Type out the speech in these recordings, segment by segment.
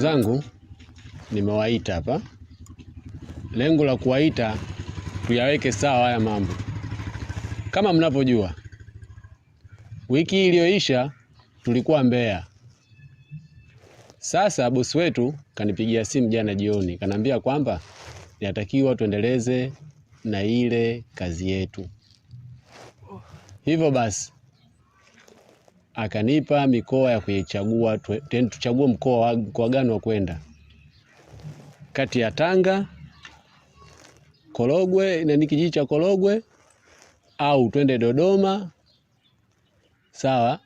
zangu nimewaita hapa. Lengo la kuwaita tuyaweke sawa haya mambo. Kama mnavyojua, wiki iliyoisha tulikuwa Mbeya. Sasa bosi wetu kanipigia simu jana jioni, kanaambia kwamba inatakiwa tuendeleze na ile kazi yetu. Hivyo basi akanipa mikoa ya kuichagua, tuchague mkoa kwa gani wa kwenda kati ya Tanga, Korogwe na kijiji cha Korogwe au twende Dodoma, sawa,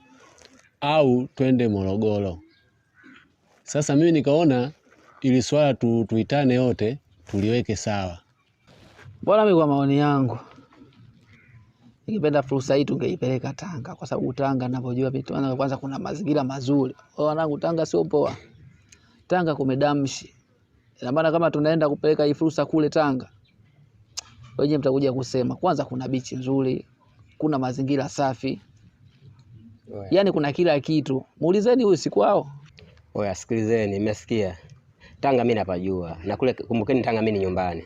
au twende Morogoro. Sasa mimi nikaona ili swala tu, tuitane yote tuliweke sawa. Bora mimi kwa maoni yangu Ningependa fursa hii tungeipeleka Tanga, kwa sababu Tanga ninavyojua vitu na kwanza kuna mazingira mazuri. Oh, wanangu, Tanga sio poa, Tanga kumedamshi. Ina maana kama tunaenda kupeleka hii fursa kule Tanga, wenyewe mtakuja kusema kwanza kuna bichi nzuri, kuna mazingira safi, yaani kuna kila kitu. Muulizeni huyu siku wao. Oya, sikilizeni, nimesikia. Tanga mimi napajua na kule, kumbukeni Tanga mimi ni nyumbani,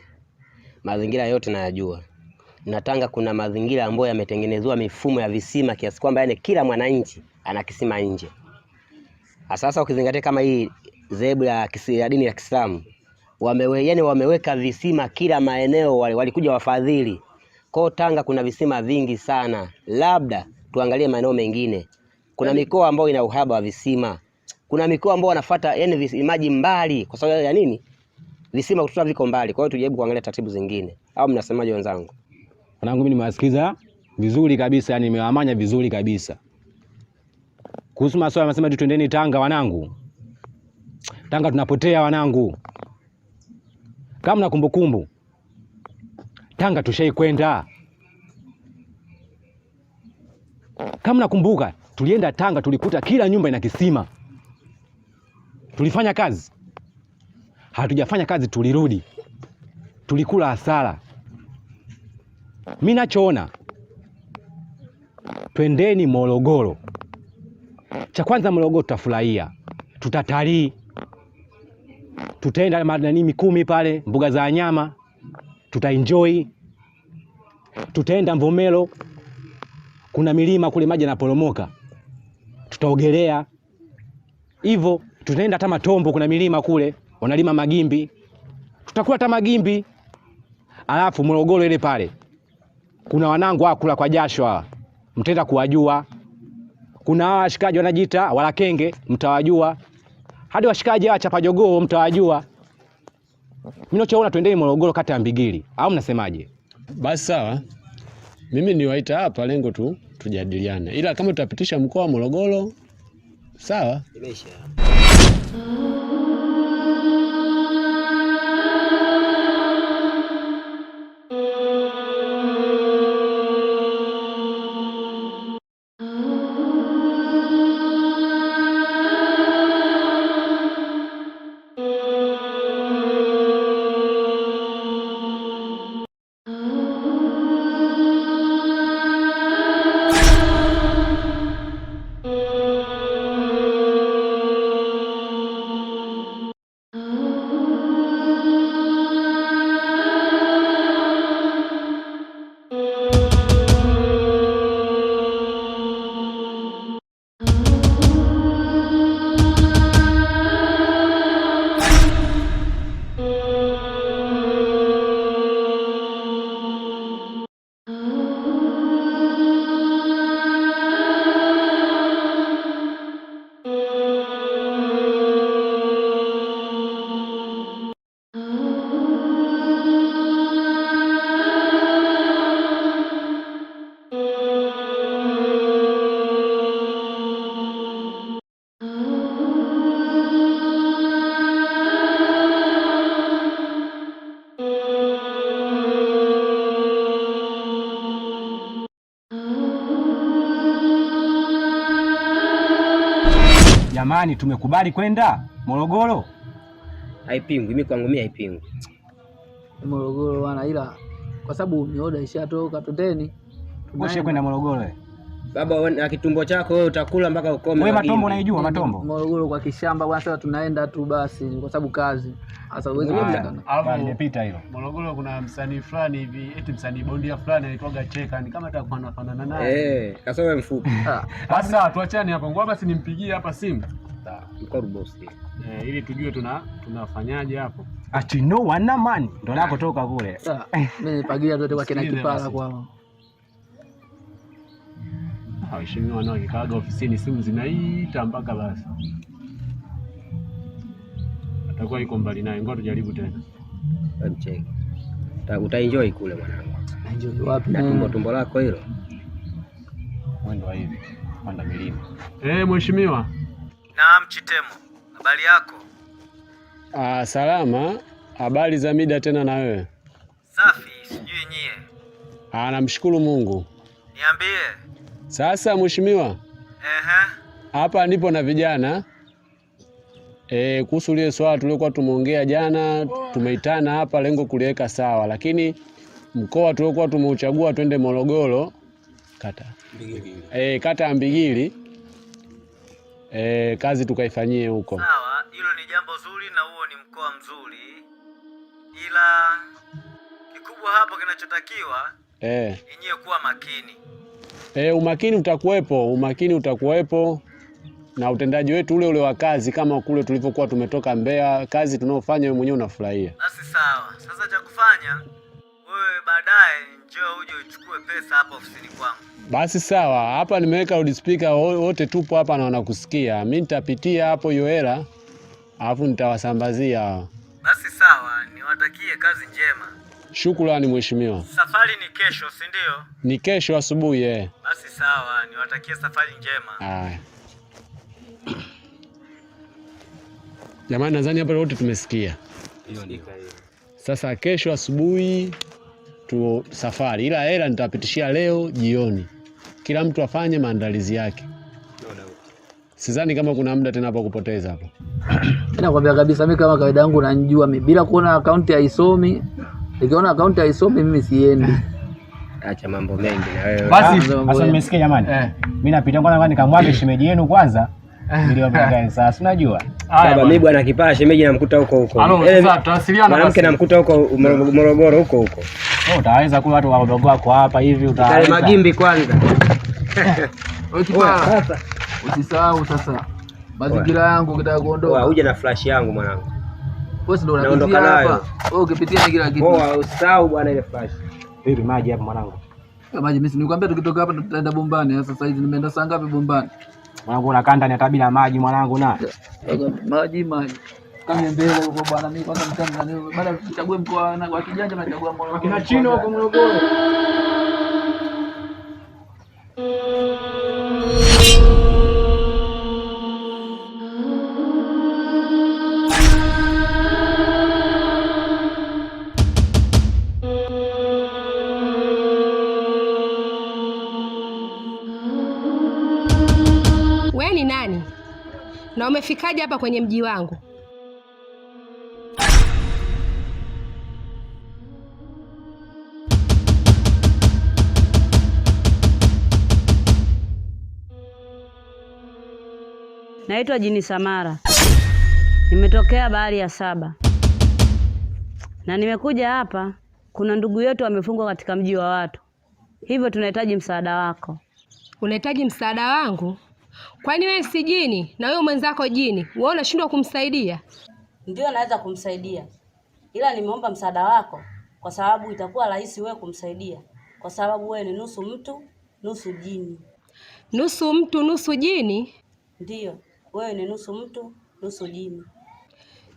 mazingira yote nayajua na Tanga kuna mazingira ambayo yametengenezwa mifumo ya visima kiasi kwamba yani kila mwananchi ana kisima nje. Sasa ukizingatia kama hii zebu ya ya dini ya Kiislamu wamewe, yani wameweka visima kila maeneo, walikuja wali wafadhili kwa Tanga kuna visima vingi sana, labda tuangalie maeneo mengine. Kuna yaani mikoa ambayo ina uhaba wa visima, kuna mikoa ambayo wanafuata yani maji mbali. Kwa sababu ya nini? Visima kutoka viko mbali. Kwa hiyo tujaribu kuangalia taratibu zingine, au mnasemaje wenzangu? Wanangu mimi nimewasikiza vizuri kabisa, yani nimewamanya vizuri kabisa. Kuhusu maswala anasema tu twendeni Tanga wanangu. Tanga tunapotea wanangu. Kama na kumbukumbu. Tanga tushai kwenda. Kama nakumbuka tulienda Tanga, tulikuta kila nyumba ina kisima. Tulifanya kazi? Hatujafanya kazi, tulirudi, tulikula hasara. Mimi nachoona, twendeni Morogoro. Cha kwanza Morogoro tutafurahia, tutatalii, tutaenda madani Mikumi pale mbuga za wanyama, tutaenjoy, tutaenda Mvomero, kuna milima kule maji yanaporomoka, tutaogelea hivyo. Tutaenda hata Matombo, kuna milima kule wanalima magimbi, tutakula hata magimbi. Alafu Morogoro ile pale kuna wanangu kula kwa jasho, mtaenda kuwajua. Kuna hawa washikaji wanajiita walakenge, mtawajua. Hadi washikaji hawa chapajogoo mtawajua. Mimi nachoona tuendeni Morogoro, kata ya Mbigili, au mnasemaje? Basi sawa, mimi niwaita hapa, lengo tu tujadiliane, ila kama tutapitisha mkoa wa Morogoro, sawa. Jamani, tumekubali kwenda Morogoro. Haipingwi, mimi kwangu mimi haipingwi Morogoro wana, ila kwa sababu mioda ishatoka, tuteni tushe kwenda Morogoro. Eh? Baba na kitumbo chako wewe utakula mpaka ukome. Wewe matombo unaijua matombo? Morogoro kwa kishamba bwana, sasa tunaenda tu basi kwa sababu kazi. Sasa uweze kupatikana. Alafu nimepita hilo. Morogoro kuna msanii fulani hivi, eti msanii bondia fulani anaitwaga Cheka, ni kama atakuwa fanana naye. Eh, kasa wewe mfupi. Ah. Sasa tuachane hapo. Ngoja basi nimpigie hapa simu. Sawa. boss. Eh, ili tujue tuna tunafanyaje hapo. Atino wana mani. Ndio ah. nako toka kule. Ah, mimi nipagia tu kwa kina kipara kwao waheshimiwa nao wakikaaga ofisini, simu zinaita mpaka basi atakuwa yuko mbali naye. Ngoja tujaribu tena, utaenjoy kule mwanangu. Wapi na tumbo tumbo lako hilo, mwendo wa hivi panda milima. Eh, mheshimiwa. Naam, Chitemo, habari yako? Ah, salama. Habari za mida tena na wewe? Safi, sijui nyie. Ah, namshukuru Mungu. Niambie. Sasa mheshimiwa, hapa ndipo na vijana e, kuhusu lile swala tuliokuwa tumeongea jana, tumeitana hapa lengo kuliweka sawa, lakini mkoa tuliokuwa tumeuchagua twende Morogoro kata e, kata ya Mbigili e, kazi tukaifanyie huko. Sawa, hilo ni jambo zuri na huo ni mkoa mzuri, ila kikubwa hapo kinachotakiwa e, kuwa makini E, umakini utakuwepo, umakini utakuwepo na utendaji wetu ule ule wa kazi kama kule tulivyokuwa tumetoka Mbeya, kazi tunaofanya wewe mwenyewe unafurahia. Basi sawa. Sasa cha kufanya wewe baadaye njoo uje uchukue pesa hapa ofisini kwangu. Basi sawa, hapa nimeweka speaker wote tupo hapa na wanakusikia. Mimi nitapitia hapo hiyo hela alafu nitawasambazia. Basi sawa, niwatakie kazi njema. Shukrani mheshimiwa. Safari ni kesho, si ndio? Ni kesho asubuhi eh. Basi sawa, niwatakie safari njema. Haya. Jamani, nadhani hapa wote tumesikia. Hiyo ndio. Sasa kesho asubuhi tu safari, ila hela nitawapitishia leo jioni, kila mtu afanye maandalizi yake. Sidhani kama kuna muda tena hapa kupoteza hapa. Nakwambia kabisa, mimi kama kawaida yangu najua mimi bila kuona akaunti haisomi nikiona akaunti haisomi mimi siendi. Acha mambo mengi na wewe. Basi sasa, mmesikia jamani, eh. mimi napita kwanza nikamwaga eh. shemeji yenu kwanza eh. sasa unajua baba, mimi bwana kipaa shemeji namkuta huko huko, mwanamke namkuta huko Morogoro huko huko. Oh, utaweza kula watu wadogo wako hapa hivi, utaweza magimbi kwanza. Usisahau sasa mazingira yangu, ukitaka kuondoka uje na flash yangu mwanangu wewe ndio unapitia hapa wewe, ukipitia ni kila kitu wewe usahau bwana ile flash. Vipi maji hapo mwanangu? Maji mimi nilikwambia tukitoka hapa tutaenda bombani. Sasa sasa hizi nimeenda saa ngapi bombani? Mwanangu unakaa ndani ya tabila maji mwanangu na. Maji maji. Kama mbele huko bwana mimi kwanza mtani na Mtanzania. Baada tuchague mkoa wa kijanja na tunachagua mkoa. Kina chino huko Morogoro. umefikaje hapa kwenye mji wangu? Naitwa Jini Samara, nimetokea bahari ya saba na nimekuja hapa. Kuna ndugu yetu amefungwa katika mji wa watu, hivyo tunahitaji msaada wako. Unahitaji msaada wangu? Kwani wewe si jini na wewe mwenzako jini, wewe unashindwa kumsaidia? Ndio, naweza kumsaidia, ila nimeomba msaada wako, kwa sababu itakuwa rahisi wewe kumsaidia, kwa sababu wewe ni nusu mtu nusu jini. Nusu mtu nusu jini? ndio wewe ni nusu mtu nusu jini.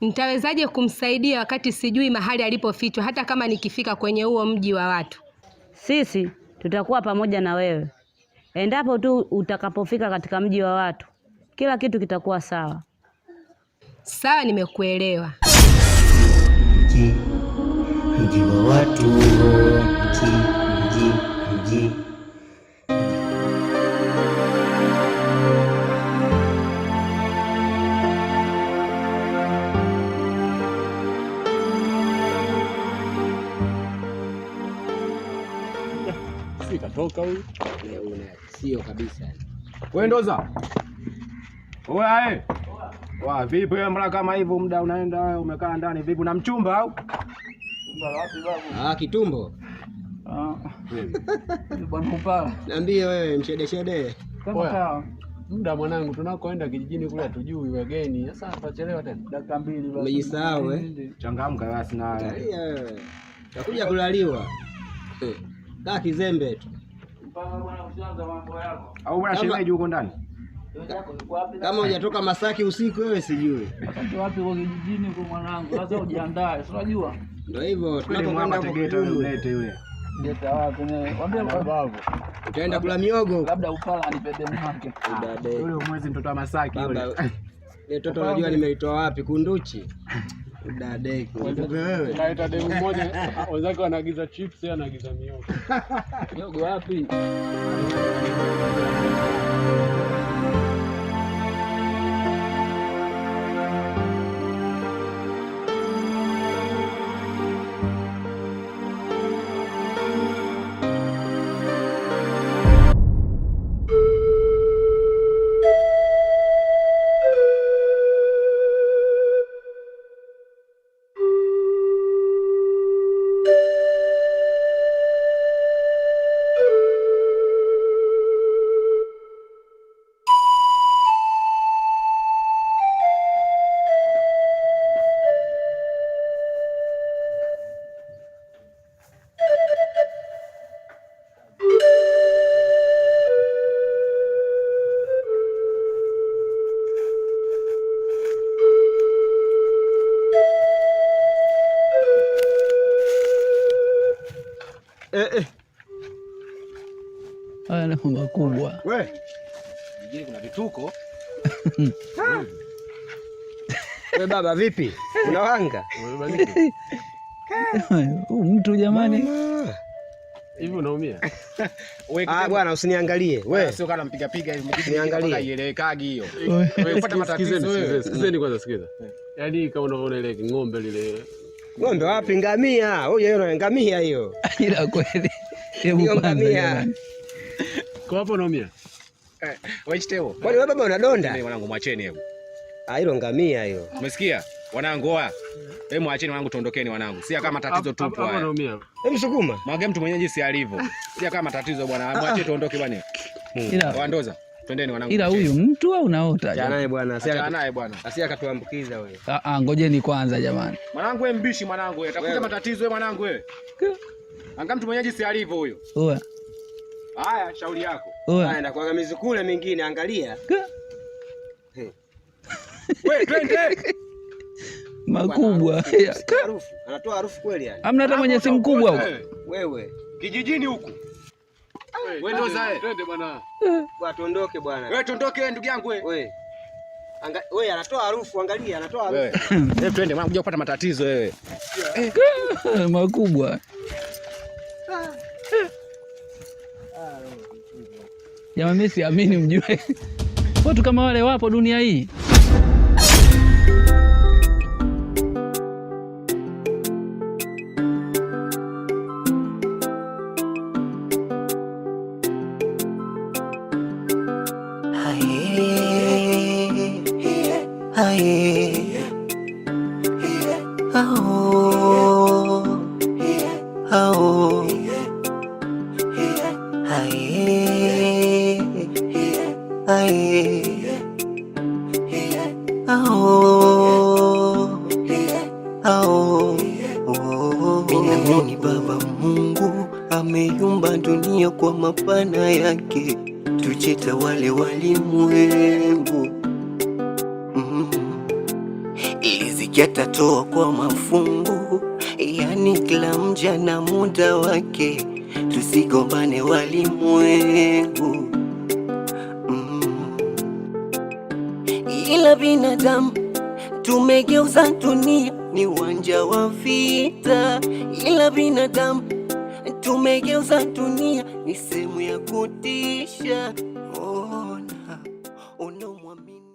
Nitawezaje kumsaidia wakati sijui mahali alipofichwa? Hata kama nikifika kwenye huo mji wa watu, sisi tutakuwa pamoja na wewe. Endapo tu utakapofika katika mji wa watu, kila kitu kitakuwa sawa. Sawa, nimekuelewa. Mji mji wa watu, mji mji mji ikatoka huyu sio kabisa. Wewe ndoza wa vipi wewe mbona kama hivyo, muda unaenda wewe, umekaa ndani vipi? na mchumba au ah, kitumbo ah. niambie wewe, mshede shede muda mwanangu, tunakoenda kijijini kule hatujui wageni. Sasa tutachelewa tena dakika mbili basi. Umejisahau eh? Changamka basi na Takuja kulaliwa. Eh, kaa kizembe tu au bwana shemeji huko ndani kama hujatoka Masaki usiku wewe, sijui wapi uko kijijini huko mwanangu. Sasa ujiandae, si unajua ndio hivyo tunapokwenda Tegeta. Mlete yule Tegeta wako naye, waambie babu utaenda kula miogo, labda upala anipende mwake yule mwezi, mtoto wa Masaki yule. Mtoto unajua nimeitoa wapi? Kunduchi Unaita demu moja, wenzake wanaagiza chips, yeye anaagiza mioko. Dogo wapi? eh. Haya ni funga kubwa. We. Mjini kuna vituko. We baba vipi? wanga? Huyu mtu jamani. Hivi unaumia? Ah, bwana usiniangalie. Wewe ah, sio kana mpiga piga hivi mjini niangalie. Haielewekagi hiyo. Wewe upata matatizo wewe. Sikizeni kwanza sikiza. Eh. Yaani kama unaona ile ng'ombe lile Ng'ombe wapi? Ngamia. Huyo yeye ana ngamia hiyo. Ila kweli. Hebu kwanza. Kwa hapo naumia. Eh, waichite huo. Kwani wewe baba unadonda? Mimi wanangu mwacheni hebu. Ah, hilo ngamia hiyo. Umesikia? Wanangu wa. Hebu mwacheni wanangu tuondokeni wanangu. Sia kama tatizo tupo haya. Naumia. Hebu sukuma. Mwangalie mtu mwenyewe jinsi alivyo. Sia kama tatizo bwana. Mwache tuondoke bwana. Wandoza. Ila huyu mtu au naota Jana bwana, asia naye bwana. Asia katuambukiza wewe. Ah ah, ngojeni kwanza jamani. Mwanangu wewe mbishi mwanangu wewe. atakuja matatizo wewe mwanangu wewe. Anga mtu mwenyeji si alivyo huyo. Oa. Haya, shauri yako. Haya, na kwa mizukule mingine angalia. We, twende. Makubwa. Anatoa harufu kweli yani. Amna hata mwenye simu kubwa huko. Eh. Wewe. Kijijini huko. Wewe zae. Twende bwana. Bwana tuondoke bwana. Wewe tuondoke ndugu yangu wewe. Wewe. anatoa harufu, angalia anatoa harufu. Wewe twende maana unakuja kupata matatizo wewe. Eh, makubwa. Jamaa mimi siamini mjue. Watu kama wale wapo dunia hii. I. yatatoa kwa mafungu. Yani kila mja na muda wake, tusigombane walimwengu. mm. Ila binadamu tumegeuza dunia ni uwanja wa vita. Ila binadamu tumegeuza dunia ni sehemu ya kutisha.